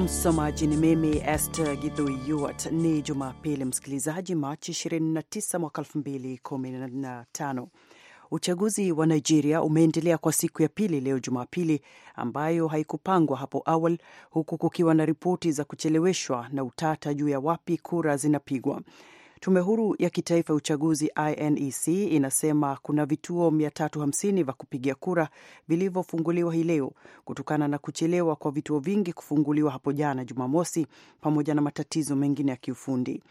Msomaji ni mimi Esther Githui Yuart. Ni Jumapili msikilizaji, Machi 29 mwaka 2015. Uchaguzi wa Nigeria umeendelea kwa siku ya pili leo Jumapili, ambayo haikupangwa hapo awali, huku kukiwa na ripoti za kucheleweshwa na utata juu ya wapi kura zinapigwa. Tume Huru ya Kitaifa ya Uchaguzi INEC inasema kuna vituo 350 vya kupigia kura vilivyofunguliwa hii leo kutokana na kuchelewa kwa vituo vingi kufunguliwa hapo jana Jumamosi, pamoja na matatizo mengine ya kiufundi.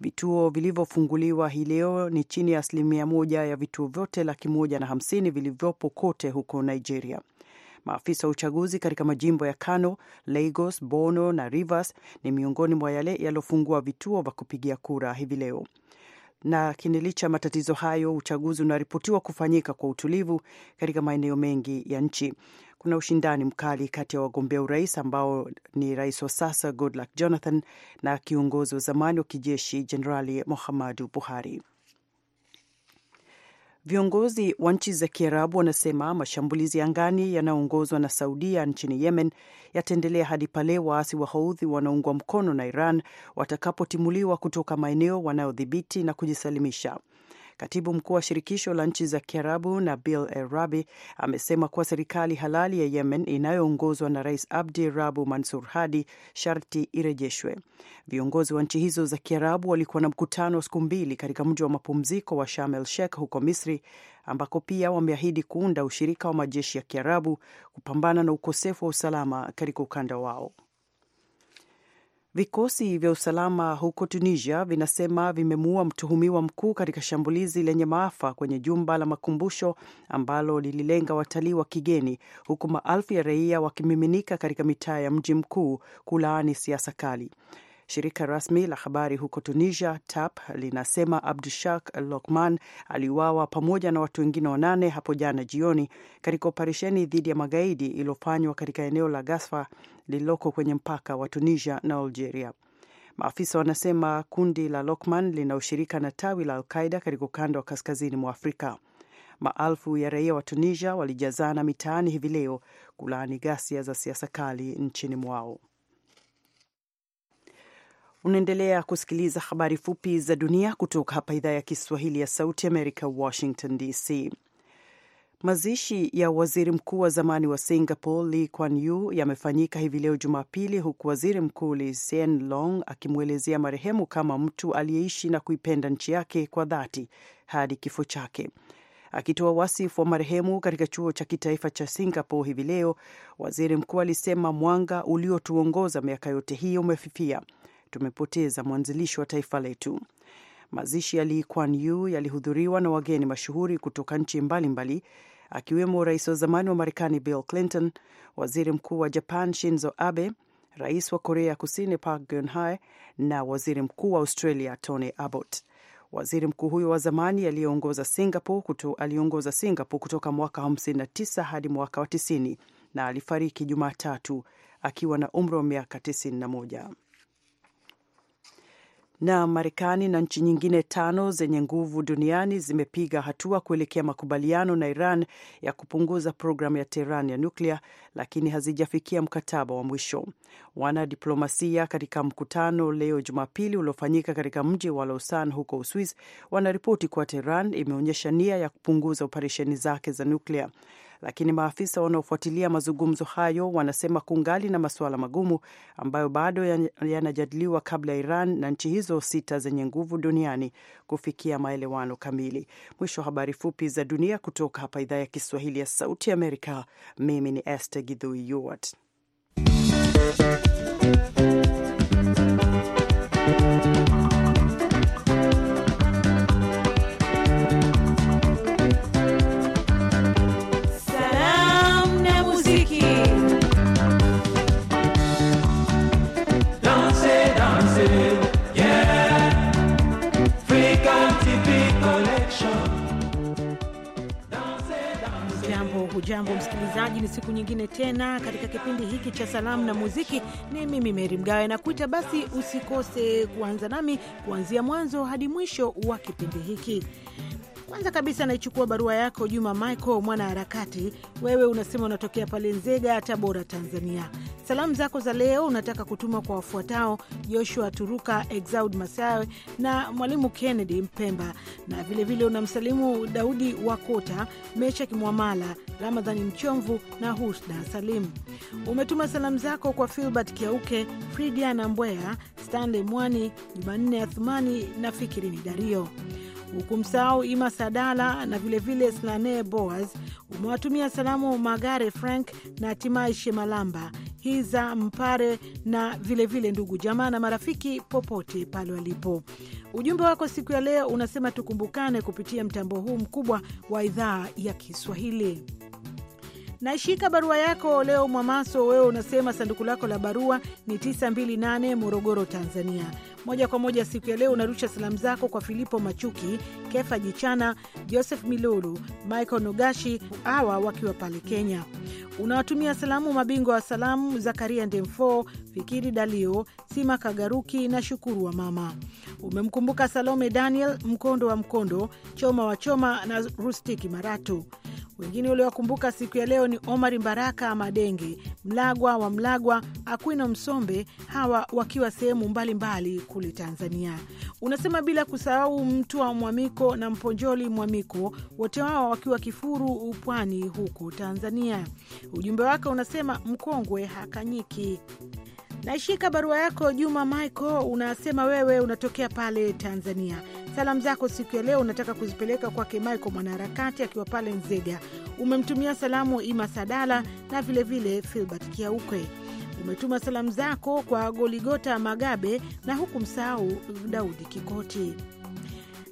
Vituo vilivyofunguliwa hii leo ni chini ya asilimia moja ya vituo vyote laki moja na hamsini vilivyopo kote huko Nigeria. Maafisa wa uchaguzi katika majimbo ya Kano, Lagos, Bono na Rivers ni miongoni mwa yale yaliofungua vituo vya kupigia kura hivi leo na kinilicha matatizo hayo, uchaguzi unaripotiwa kufanyika kwa utulivu katika maeneo mengi ya nchi. Kuna ushindani mkali kati ya wagombea urais ambao ni rais wa sasa Goodluck Jonathan na kiongozi wa zamani wa kijeshi Jenerali Muhammadu Buhari. Viongozi wa nchi za Kiarabu wanasema mashambulizi angani yanayoongozwa na Saudia nchini Yemen yataendelea hadi pale waasi wa Houthi wanaungwa mkono na Iran watakapotimuliwa kutoka maeneo wanayodhibiti na kujisalimisha. Katibu mkuu wa shirikisho la nchi za Kiarabu Nabil El-Rabi amesema kuwa serikali halali ya Yemen inayoongozwa na Rais Abdi Rabu Mansur Hadi sharti irejeshwe. Viongozi wa nchi hizo za Kiarabu walikuwa na mkutano wa siku mbili katika mji wa mapumziko wa Sharm el Sheikh huko Misri, ambako pia wameahidi kuunda ushirika wa majeshi ya Kiarabu kupambana na ukosefu wa usalama katika ukanda wao. Vikosi vya usalama huko Tunisia vinasema vimemuua mtuhumiwa mkuu katika shambulizi lenye maafa kwenye jumba la makumbusho ambalo lililenga watalii wa kigeni, huku maelfu ya raia wakimiminika katika mitaa ya mji mkuu kulaani siasa kali. Shirika rasmi la habari huko Tunisia, TAP, linasema Abdushak Lokman aliuawa pamoja na watu wengine wanane hapo jana jioni katika operesheni dhidi ya magaidi iliyofanywa katika eneo la Gasfa lililoko kwenye mpaka wa Tunisia na Algeria. Maafisa wanasema kundi la Lokman linaoshirika na tawi la Alqaida katika ukanda wa kaskazini mwa Afrika. Maelfu ya raia wa Tunisia walijazana mitaani hivi leo kulaani ghasia za siasa kali nchini mwao. Unaendelea kusikiliza habari fupi za dunia kutoka hapa idhaa ya Kiswahili ya Sauti Amerika, Washington DC. Mazishi ya waziri mkuu wa zamani wa Singapore Lee Kuan Yew yamefanyika hivi leo Jumapili, huku waziri mkuu Lee Hsien Loong akimwelezea marehemu kama mtu aliyeishi na kuipenda nchi yake kwa dhati hadi kifo chake. Akitoa wasifu wa marehemu katika chuo cha kitaifa cha Singapore hivi leo, waziri mkuu alisema mwanga uliotuongoza miaka yote hiyo umefifia tumepoteza mwanzilishi wa taifa letu. Mazishi ya Lee Kuan Yew yalihudhuriwa na wageni mashuhuri kutoka nchi mbalimbali akiwemo rais wa zamani wa Marekani Bill Clinton, waziri mkuu wa Japan Shinzo Abe, rais wa Korea Kusini Park Geun-hye na waziri mkuu wa Australia Tony Abbott. Waziri mkuu huyo wa zamani aliyeongoza Singapore kuto, aliongoza Singapore kutoka mwaka 59 hadi mwaka wa 90 na alifariki Jumatatu akiwa na umri wa miaka 91 na Marekani na nchi nyingine tano zenye nguvu duniani zimepiga hatua kuelekea makubaliano na Iran ya kupunguza programu ya tehran ya nyuklia, lakini hazijafikia mkataba wa mwisho. Wanadiplomasia katika mkutano leo Jumapili uliofanyika katika mji wa Lausanne huko Uswis wanaripoti kuwa tehran imeonyesha nia ya kupunguza operesheni zake za nyuklia lakini maafisa wanaofuatilia mazungumzo hayo wanasema kungali na masuala magumu ambayo bado yanajadiliwa kabla ya Iran na nchi hizo sita zenye nguvu duniani kufikia maelewano kamili. Mwisho wa habari fupi za dunia kutoka hapa idhaa ya Kiswahili ya Sauti Amerika. Mimi ni Esther Gidhui Jambo, hujambo msikilizaji, ni siku nyingine tena katika kipindi hiki cha salamu na muziki. Ni mimi Meri Mgawe nakuita, basi usikose kuanza nami kuanzia mwanzo hadi mwisho wa kipindi hiki. Kwanza kabisa naichukua barua yako Juma Michael, mwana harakati. Wewe unasema unatokea pale Nzega, Tabora, Tanzania. Salamu zako za leo unataka kutuma kwa wafuatao: Joshua Turuka, Exaud Masawe na Mwalimu Kennedy Mpemba, na vilevile unamsalimu Daudi Wakota, Mesha Kimwamala, Ramadhani Mchomvu na Husna Salim. Umetuma salamu zako kwa Filbert Kiauke, Fridiana Mbwea, Stanley Mwani, Jumanne Athumani na Fikirini Dario hukumsahau Ima Sadala na vilevile Slane Boas. Umewatumia salamu Magare Frank na Timai Shemalamba Hiza Mpare na vilevile vile ndugu jamaa na marafiki popote pale walipo. Ujumbe wako siku ya leo unasema tukumbukane kupitia mtambo huu mkubwa wa idhaa ya Kiswahili. Naishika barua yako leo Mwamaso, wewe unasema sanduku lako la barua ni 928 Morogoro, Tanzania. Moja kwa moja siku ya leo unarusha salamu zako kwa Filipo Machuki, Kefa Jichana, Joseph Milulu, Michael Nogashi, hawa wakiwa pale Kenya. Unawatumia salamu mabingwa wa salamu Zakaria Ndemfo, Fikiri Dalio, Sima Kagaruki na Shukuru wa Mama. Umemkumbuka Salome Daniel Mkondo wa Mkondo, Choma wa Choma na Rustiki Maratu. Wengine uliowakumbuka siku ya leo ni Omar Mbaraka Madenge, Mlagwa wa Mlagwa, Akwino Msombe, hawa wakiwa sehemu mbalimbali kule Tanzania. Unasema bila kusahau mtu wa Mwamiko na Mponjoli Mwamiko, wote wao wakiwa Kifuru upwani huko Tanzania. Ujumbe wake unasema mkongwe hakanyiki. Naishika barua yako Juma Michael, unasema wewe unatokea pale Tanzania. Salamu zako siku ya leo unataka kuzipeleka kwake Michael mwanaharakati akiwa pale Nzega. Umemtumia salamu Ima Sadala na vilevile Filbert Kiaukwe. Umetuma salamu zako kwa Goligota Magabe na huku msahau Daudi Kikoti.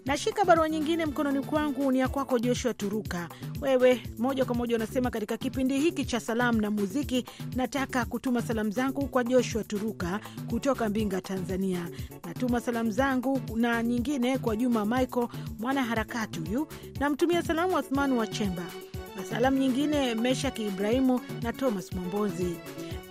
Nashika barua nyingine mkononi kwangu, ni ya kwako Joshua Turuka. Wewe moja kwa moja unasema katika kipindi hiki cha salamu na muziki, nataka kutuma salamu zangu kwa Joshua Turuka kutoka Mbinga, Tanzania. Natuma salamu zangu na nyingine kwa Juma Michael, mwanaharakati huyu. Namtumia salamu Wathmani wa Chemba na salamu nyingine Meshaki Ibrahimu na Thomas Mombozi.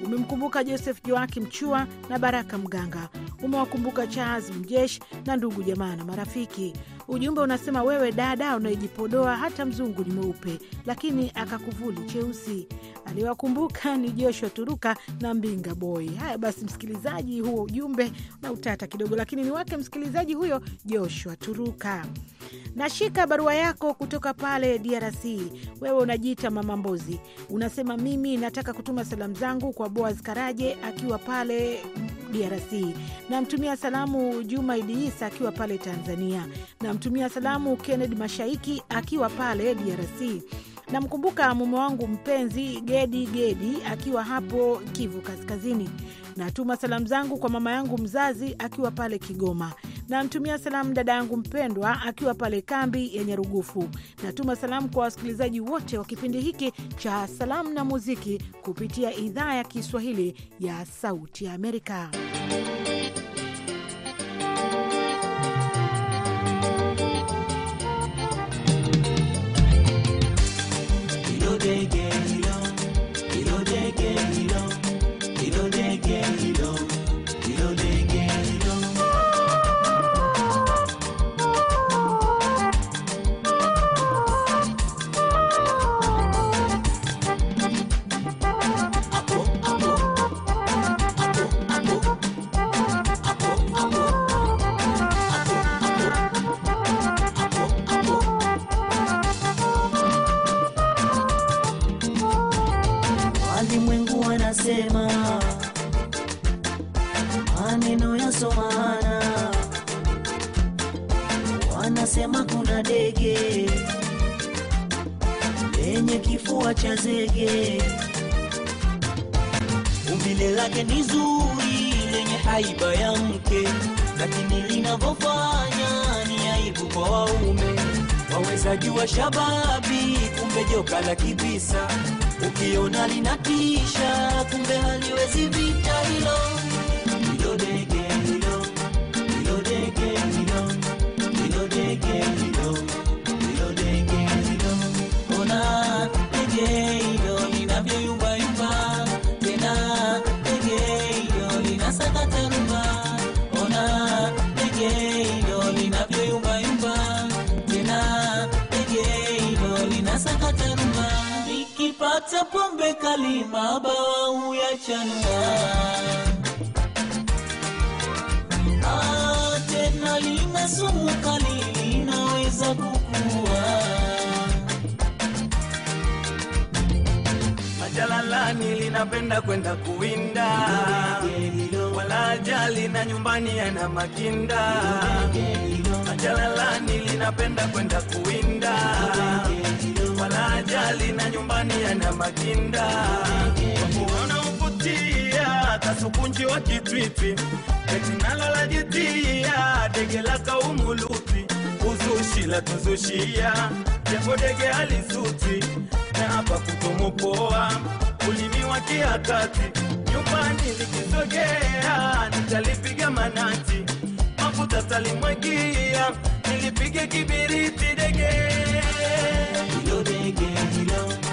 Umemkumbuka Joseph Joakim Chua na Baraka Mganga, umewakumbuka Charles Mjeshi na ndugu jamaa na marafiki. Ujumbe unasema wewe dada unayejipodoa hata mzungu ni mweupe, lakini akakuvuli cheusi. Aliwakumbuka ni Joshua Turuka na Mbinga Boy. Haya basi, msikilizaji, huo ujumbe na utata kidogo, lakini ni wake msikilizaji huyo Joshua Turuka. Nashika barua yako kutoka pale DRC. Wewe unajiita Mama Mbozi, unasema mimi nataka kutuma salamu zangu kwa Boaz Karaje akiwa pale DRC. Namtumia salamu Juma idiisa akiwa pale Tanzania. Namtumia salamu Kennedy Mashaiki akiwa pale DRC. Namkumbuka mume wangu mpenzi Gedi Gedi akiwa hapo Kivu Kaskazini. Natuma salamu zangu kwa mama yangu mzazi akiwa pale Kigoma. Namtumia salamu dada yangu mpendwa akiwa pale kambi ya Nyarugufu. Natuma salamu kwa wasikilizaji wote wa kipindi hiki cha salamu na muziki kupitia idhaa ya Kiswahili ya Sauti ya Amerika. kwa waume wawezaji wa shababi, kumbe joka la kibisa, ukiona linatisha, kumbe haliwezi vita hilo hilo dege Kape kalima bawa ya ah, tena lina sumu kali linaweza kukua majalalani linapenda kwenda kuwinda wala ajali na nyumbani yana makinda jalalani linapenda kwenda kuwinda, wala ajali na nyumbani yana makinda, wakuona uvutia kasukunji wa kitwipi, eti nalo lajitia dege la kaumulupi, uzushi la tuzushia japo dege alisuti na hapa kutomopoa ulimi wa kiakati, nyumbani likisogea nitalipiga manati mafuta talimwagia, nilipige kibiriti dege hilo dege hilo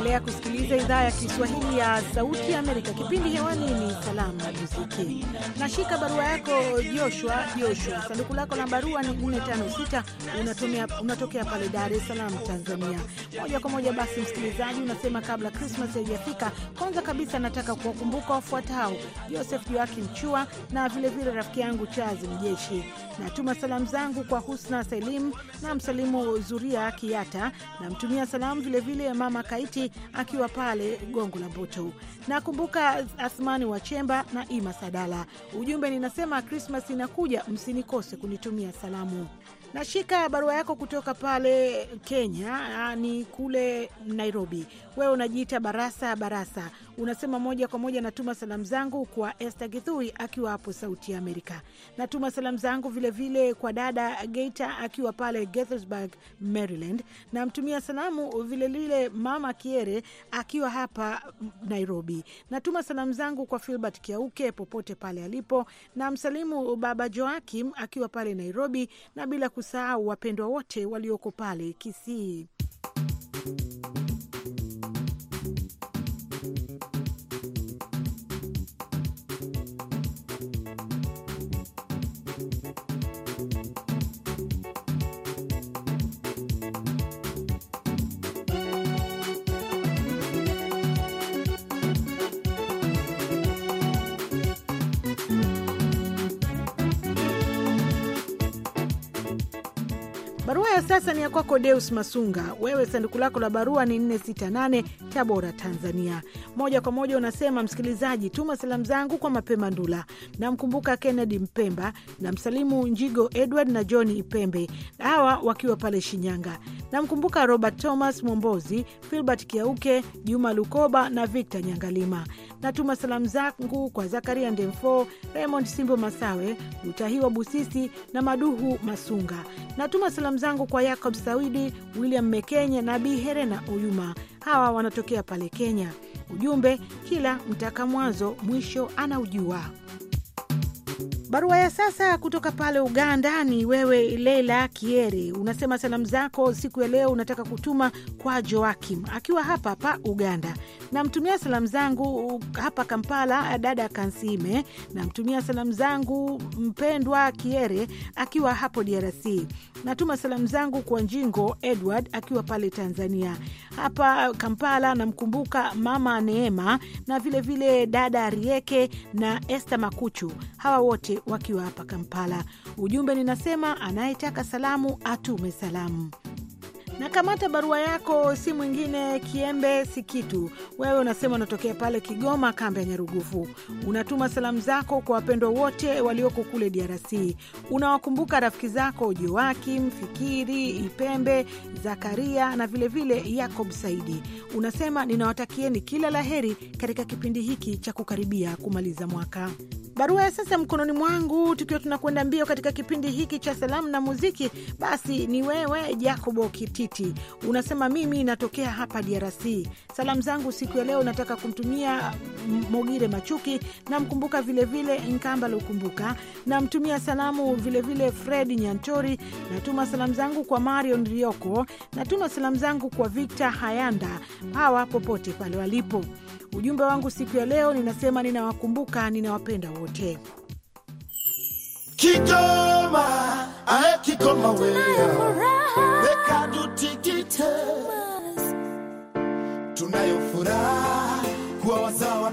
Unaendelea kusikiliza idhaa ya Kiswahili ya Sauti ya Amerika. Kipindi hewani ni salamu na muziki. Nashika barua yako Joshua. Joshua, sanduku lako la barua ni 456 unatokea pale Dar es Salaam, Tanzania. Moja kwa moja basi, msikilizaji, unasema kabla Krismas haijafika, kwanza kabisa nataka kuwakumbuka wafuatao: Joseph Joaki Mchua na vilevile rafiki yangu Chazi Mjeshi. Natuma salamu zangu kwa Husna Selim na msalimu Zuria Kiata, namtumia salamu vilevile mama Kaiti akiwa pale Gongo la Mboto. Nakumbuka Asmani wa Chemba na Ima Sadala. Ujumbe ninasema Krismas inakuja, msinikose kunitumia salamu. Nashika barua yako kutoka pale Kenya, ah, ni kule Nairobi wewe unajiita Barasa Barasa, unasema moja kwa moja, natuma salamu zangu kwa Esther Githui akiwa hapo Sauti ya Amerika. Natuma salamu zangu vilevile kwa dada Geita akiwa pale Gethersburg, Maryland. Namtumia salamu vilevile mama Kiere akiwa hapa Nairobi. Natuma salamu zangu kwa Filbert Kiauke popote pale alipo, na msalimu baba Joakim akiwa pale Nairobi, na bila kusahau wapendwa wote walioko pale Kisii. sasa ni ya kwako Deus Masunga. Wewe sanduku lako la barua ni 468 Tabora, Tanzania. Moja kwa moja unasema, msikilizaji, tuma salamu zangu kwa Mapema Ndula, namkumbuka Kennedy Mpemba na msalimu Njigo Edward na John Ipembe, hawa wakiwa pale Shinyanga. Namkumbuka Robert Thomas mwombozi Filbert Kiauke, Juma Lukoba na Victor Nyangalima. Natuma salamu zangu kwa Zakaria Ndemfo, Raymond Simbo Masawe, Utahiwa Busisi na Maduhu Masunga. Natuma salamu zangu kwa Yacob Sawidi, William Mekenye na Bi Herena Oyuma, hawa wanatokea pale Kenya. Ujumbe, kila mtaka mwanzo mwisho anaujua. Barua ya sasa kutoka pale Uganda ni wewe Leila Kieri, unasema salamu zako siku ya leo unataka kutuma kwa Joakim akiwa hapa hapa Uganda. Namtumia salamu zangu hapa Kampala dada Kansime, namtumia salamu zangu mpendwa Kiere akiwa hapo DRC. Natuma salamu zangu kwa Njingo Edward akiwa pale Tanzania. Hapa Kampala namkumbuka mama Neema na vilevile vile dada Rieke na Esther Makuchu, hawa wote wakiwa hapa Kampala. Ujumbe ninasema, anayetaka salamu atume salamu. Na kamata barua yako, si mwingine Kiembe Sikitu. Wewe unasema unatokea pale Kigoma, kambi ya Nyarugufu. Unatuma salamu zako kwa wapendwa wote walioko kule DRC. Unawakumbuka rafiki zako Joakim Fikiri, Ipembe Zakaria na vilevile vile Yakob Saidi. Unasema ninawatakieni kila laheri katika kipindi hiki cha kukaribia kumaliza mwaka. Barua ya sasa mkononi mwangu, tukiwa tunakwenda mbio katika kipindi hiki cha salamu na muziki, basi ni wewe Jacobo Kititi Mkamiti unasema mimi natokea hapa DRC. Salamu zangu siku ya leo nataka kumtumia Mogire Machuki, namkumbuka vilevile Nkamba Lukumbuka, namtumia salamu vilevile Fred Nyantori, natuma salamu zangu kwa Marion Rioko, natuma salamu zangu kwa Victor Hayanda, hawa popote pale walipo. Ujumbe wangu siku ya leo ninasema ninawakumbuka, ninawapenda wote. Kigoma, ae Kigoma wewe kadutikite tunayo furaha kuwa wazao wa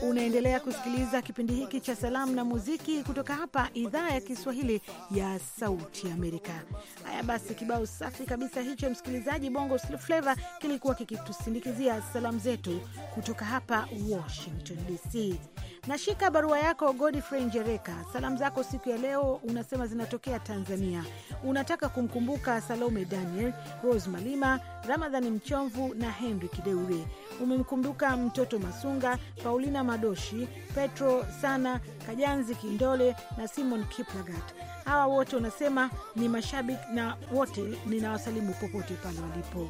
Unaendelea kusikiliza kipindi hiki cha salamu na muziki kutoka hapa idhaa ya Kiswahili ya Sauti Amerika. Haya basi, kibao safi kabisa hicho, msikilizaji. Bongo Flava kilikuwa kikitusindikizia salamu zetu kutoka hapa Washington DC. Nashika barua yako Godfrey Njereka. Salamu zako siku ya leo unasema zinatokea Tanzania. Unataka kumkumbuka Salome Daniel, Rose Malima, Ramadhani Mchomvu na Henry Kideure umemkumbuka mtoto Masunga, Paulina Madoshi, Petro Sana, Kajanzi Kindole na Simon Kiplagat. Hawa wote unasema ni mashabiki, na wote ninawasalimu popote pale walipo.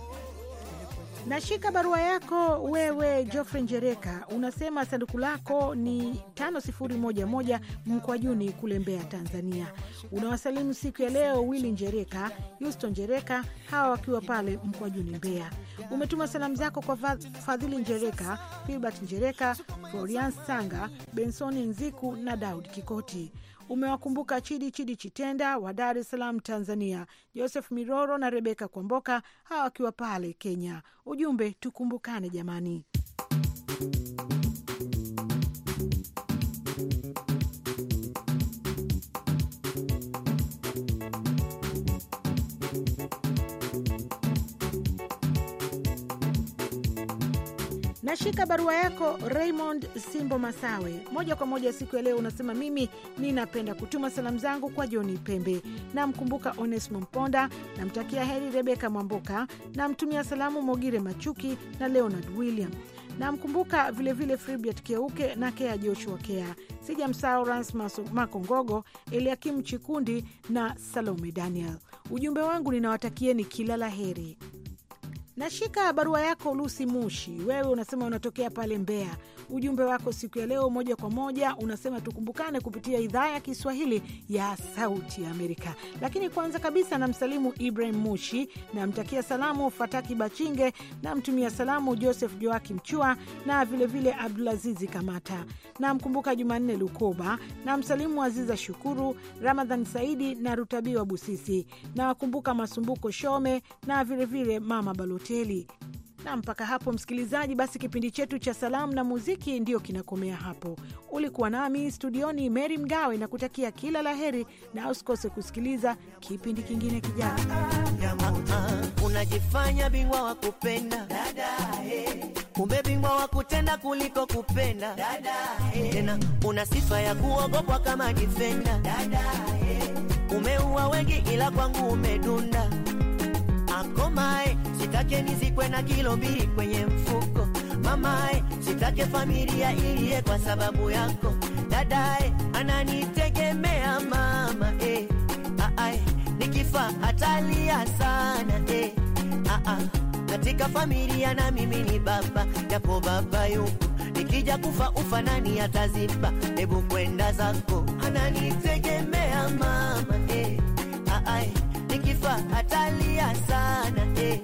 Nashika barua yako wewe Geoffrey Njereka, unasema sanduku lako ni 5011 Mkwajuni kule Mbeya, Tanzania. Unawasalimu siku ya leo Willi Njereka, Houston Njereka, hawa wakiwa pale Mkwajuni Mbeya. Umetuma salamu zako kwa Fadhili Njereka, Filbert Njereka, Florian Sanga, Bensoni Nziku na Daud Kikoti umewakumbuka Chidi Chidi Chitenda wa Dar es Salaam, Tanzania, Joseph Miroro na Rebeka Kwamboka, hawa wakiwa pale Kenya. Ujumbe, tukumbukane jamani. Nashika barua yako Raymond Simbo Masawe, moja kwa moja siku ya leo. Unasema mimi ninapenda kutuma salamu zangu kwa Joni Pembe, namkumbuka onesimo Mponda, namtakia heri Rebeka Mwamboka, namtumia salamu Mogire Machuki na Leonard William, namkumbuka vilevile Fribiat Keuke na Kea Joshua Kea, sijamsahau Rasmas Makongogo, eliakimu Chikundi na Salome Daniel. Ujumbe wangu ninawatakieni kila la heri. Nashika barua yako Lusi Mushi, wewe unasema unatokea pale Mbeya. Ujumbe wako siku ya leo moja kwa moja unasema tukumbukane kupitia idhaa ya Kiswahili ya Sauti ya Amerika. Lakini kwanza kabisa namsalimu Ibrahim Mushi, namtakia salamu Fataki Bachinge, namtumia salamu Joseph joaki mchua na vilevile Abdulazizi Kamata, namkumbuka Jumanne Lukoba, namsalimu Aziza Shukuru, Ramadhan Saidi na Rutabiwa Busisi, nawakumbuka Masumbuko Shome na vilevile Mama Balu hoteli. Na mpaka hapo, msikilizaji, basi kipindi chetu cha salamu na muziki ndiyo kinakomea hapo. Ulikuwa nami studioni Meri Mgawe na kutakia kila la heri, na usikose kusikiliza kipindi kingine kijana. Unajifanya bingwa wa kupenda eh. kumbe bingwa wa kutenda kuliko kupenda eh. tena, una sifa ya kuogopwa kama difenda. Eh. Umeua wengi ila kwangu umedunda akomae sitake nizikwe na kilo mbili kwenye mfuko. Mamae, eh, sitake familia iliye kwa sababu yako. Dadae, eh, ananitegemea mama eh. Aai, ah, ah, eh, nikifa atalia sana eh. Aa, ah, katika familia na mimi ni baba, japo baba yuko nikija kufa ufa nani ataziba? Hebu kwenda zako, ananitegemea mama eh. Aai, nikifa atalia sana eh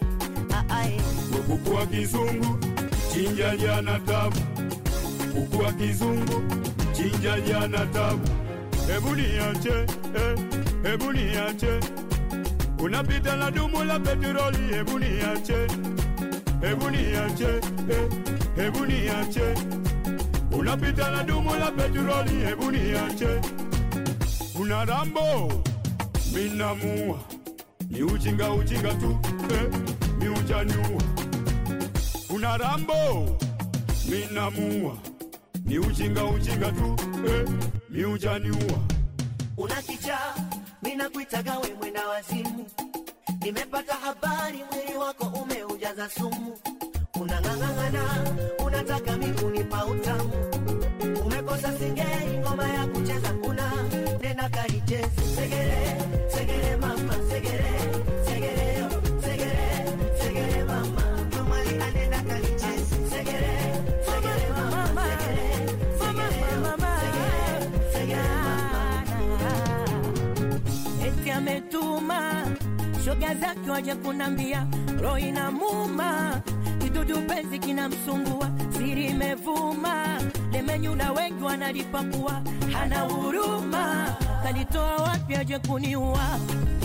kukua kizungu chinja jana tabu, kukua kizungu chinja jana tabu. Hebu niache eh, hebu niache, unapita na dumu la petroli. Hebu niache, hebu niache eh, hebu niache, unapita na dumu la petroli. Hebu niache, una rambo minamua, ni uchinga uchinga tu eh ni ujanyu kuna rambo minamua, ni ujinga ujinga tu eh, mi hujaniua. Una kichaa, minakuitaga we mwenda wazimu, nimepata habari mwili wako umeujaza sumu, unang'ang'ana unataka mimi unipa utamu, umekosa singei ngoma ya kucheza, kuna nena kaicheze segere segere mama segere shoga zake waje kunambia, roho inamuma, kidudu penzi kinamsumbua, siri imevuma, lemenyu na wengi wanalipakua, hana huruma, kalitoa wapi aje kuniua?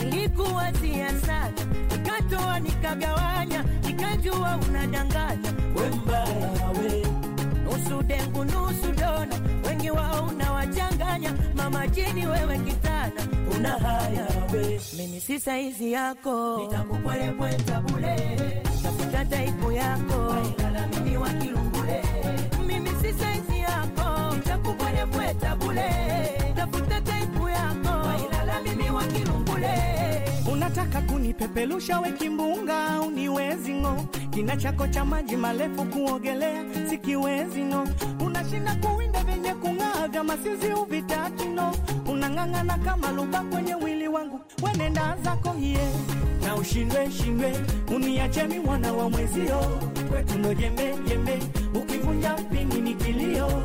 Nilikuwazia sana, nikatoa nikagawanya, nikajua unadanganya, we mbaya we nusu dengu nusu dona, wengi wao unawachanganya. Mama jini wewe kitana, una haya we, mimi si saizi yako, nitakupwelebweta bule, tafuta taipu yako mimi wa kilungule, mimi si saizi yako, nitakupwelebweta bule, tafuta taipu yako mimi wa kilungule Unataka kunipepelusha we kimbunga, au niwezi ng'o? Kina chako cha maji marefu kuogelea sikiwezi no. Unashinda kuwinda vyenye kung'aa vya masizi uvitaki no. Unang'ang'ana kama luba kwenye wili wangu, wenenda zako hiye na ushindwe shindwe, uniache mi mwana wa mwezio, kwetu ndo jembe jembe, ukivunja pini ni kilio.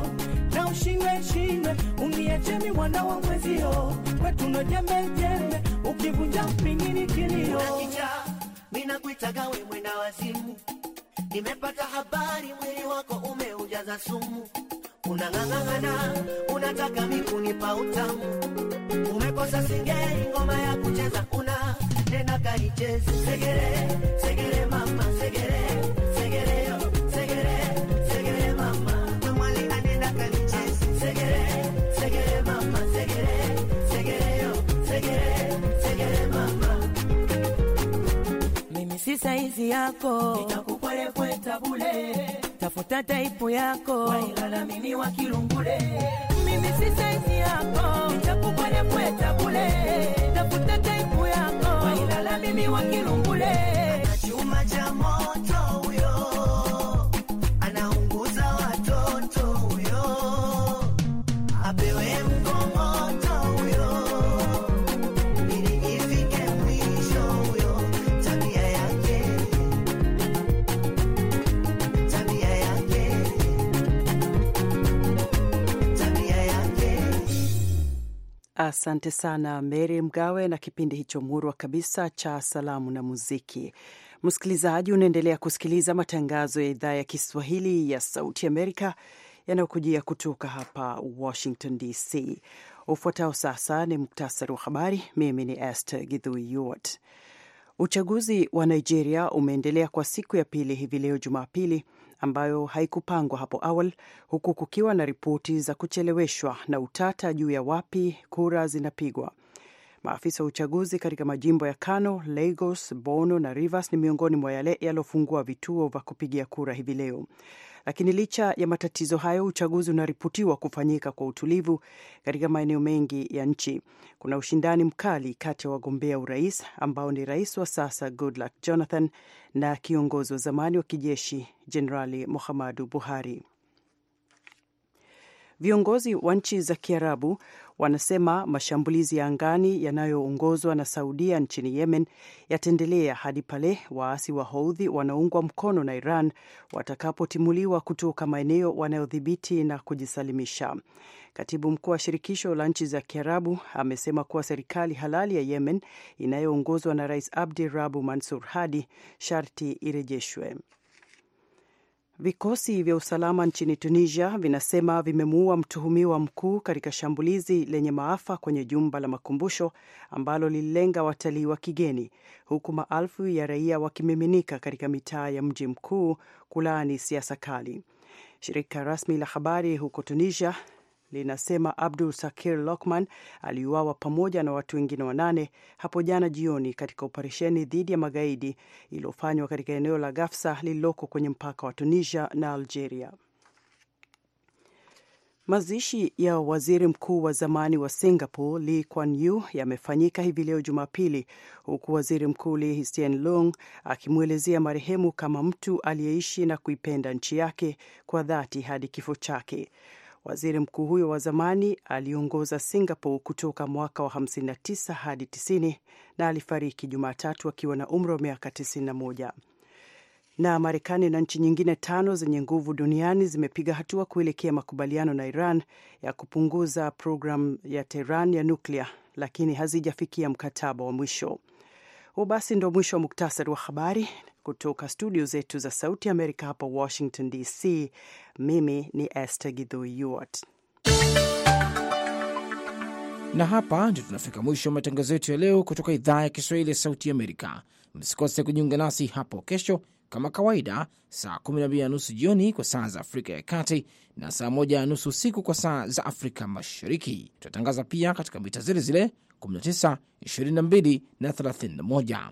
Na ushindwe shindwe, uniache mi mwana wa mwezio, kwetu ndo jembe jembe kivunja mpingini kilio. Unakicha, mina we mwenda wazimu. Nimepata habari mwili wako umeujaza sumu. Unang'ang'ana, unataka mikunipa utamu. Umekosa singeli, ngoma ya kucheza una tena kaicheze. Segere, segere mama, segere. si saizi yako nitakupwelepweta bule, tafuta taipu yako mimi wa kilungule. Mimi si saizi yako nitakupwelepweta bule, tafuta taipu yako mimi wa kilungule. Asante sana Mary Mgawe na kipindi hicho murwa kabisa cha salamu na muziki. Msikilizaji, unaendelea kusikiliza matangazo ya idhaa ya Kiswahili ya Sauti Amerika yanayokujia kutoka hapa Washington DC. Ufuatao sasa ni muktasari wa habari. Mimi ni Esther Githui Uchaguzi wa Nigeria umeendelea kwa siku ya pili hivi leo Jumapili, ambayo haikupangwa hapo awali, huku kukiwa na ripoti za kucheleweshwa na utata juu ya wapi kura zinapigwa. Maafisa wa uchaguzi katika majimbo ya Kano, Lagos, Bono na Rivers ni miongoni mwa yale yaliofungua vituo vya kupigia kura hivi leo. Lakini licha ya matatizo hayo, uchaguzi unaripotiwa kufanyika kwa utulivu katika maeneo mengi ya nchi. Kuna ushindani mkali kati ya wagombea urais ambao ni rais wa sasa Goodluck Jonathan na kiongozi wa zamani wa kijeshi Jenerali Muhammadu Buhari. Viongozi wa nchi za Kiarabu wanasema mashambulizi ya angani yanayoongozwa na Saudia nchini Yemen yataendelea hadi pale waasi wa Houthi wanaoungwa mkono na Iran watakapotimuliwa kutoka maeneo wanayodhibiti na kujisalimisha. Katibu mkuu wa shirikisho la nchi za Kiarabu amesema kuwa serikali halali ya Yemen inayoongozwa na Rais Abdi Rabu Mansur Hadi sharti irejeshwe. Vikosi vya usalama nchini Tunisia vinasema vimemuua mtuhumiwa mkuu katika shambulizi lenye maafa kwenye jumba la makumbusho ambalo lililenga watalii wa kigeni, huku maelfu ya raia wakimiminika katika mitaa ya mji mkuu kulaani siasa kali. Shirika rasmi la habari huko Tunisia linasema Abdul Sakir Lokman aliuawa pamoja na watu wengine wanane hapo jana jioni katika operesheni dhidi ya magaidi iliyofanywa katika eneo la Gafsa lililoko kwenye mpaka wa Tunisia na Algeria. Mazishi ya waziri mkuu wa zamani wa Singapore Lee Kuan Yew yamefanyika hivi leo Jumapili, huku waziri mkuu Lee Hsien Loong akimwelezea marehemu kama mtu aliyeishi na kuipenda nchi yake kwa dhati hadi kifo chake. Waziri mkuu huyo wa zamani aliongoza Singapore kutoka mwaka wa 59 hadi 90 na alifariki Jumatatu akiwa na umri wa miaka 91. Na Marekani na nchi nyingine tano zenye nguvu duniani zimepiga hatua kuelekea makubaliano na Iran ya kupunguza programu ya Tehran ya nuklia, lakini hazijafikia mkataba wa mwisho. Huu basi ndo mwisho wa muktasari wa habari kutoka studio zetu za Sauti Amerika hapa Washington DC. Mimi ni Esther Gidhui na hapa ndio tunafika mwisho wa matangazo yetu ya leo kutoka idhaa ya Kiswahili ya Sauti Amerika. Msikose kujiunga nasi hapo kesho kama kawaida saa 12 na nusu jioni kwa saa za Afrika ya Kati na saa 1 na nusu usiku kwa saa za Afrika Mashariki. Tutatangaza pia katika mita zile zile 19, 22 na 31.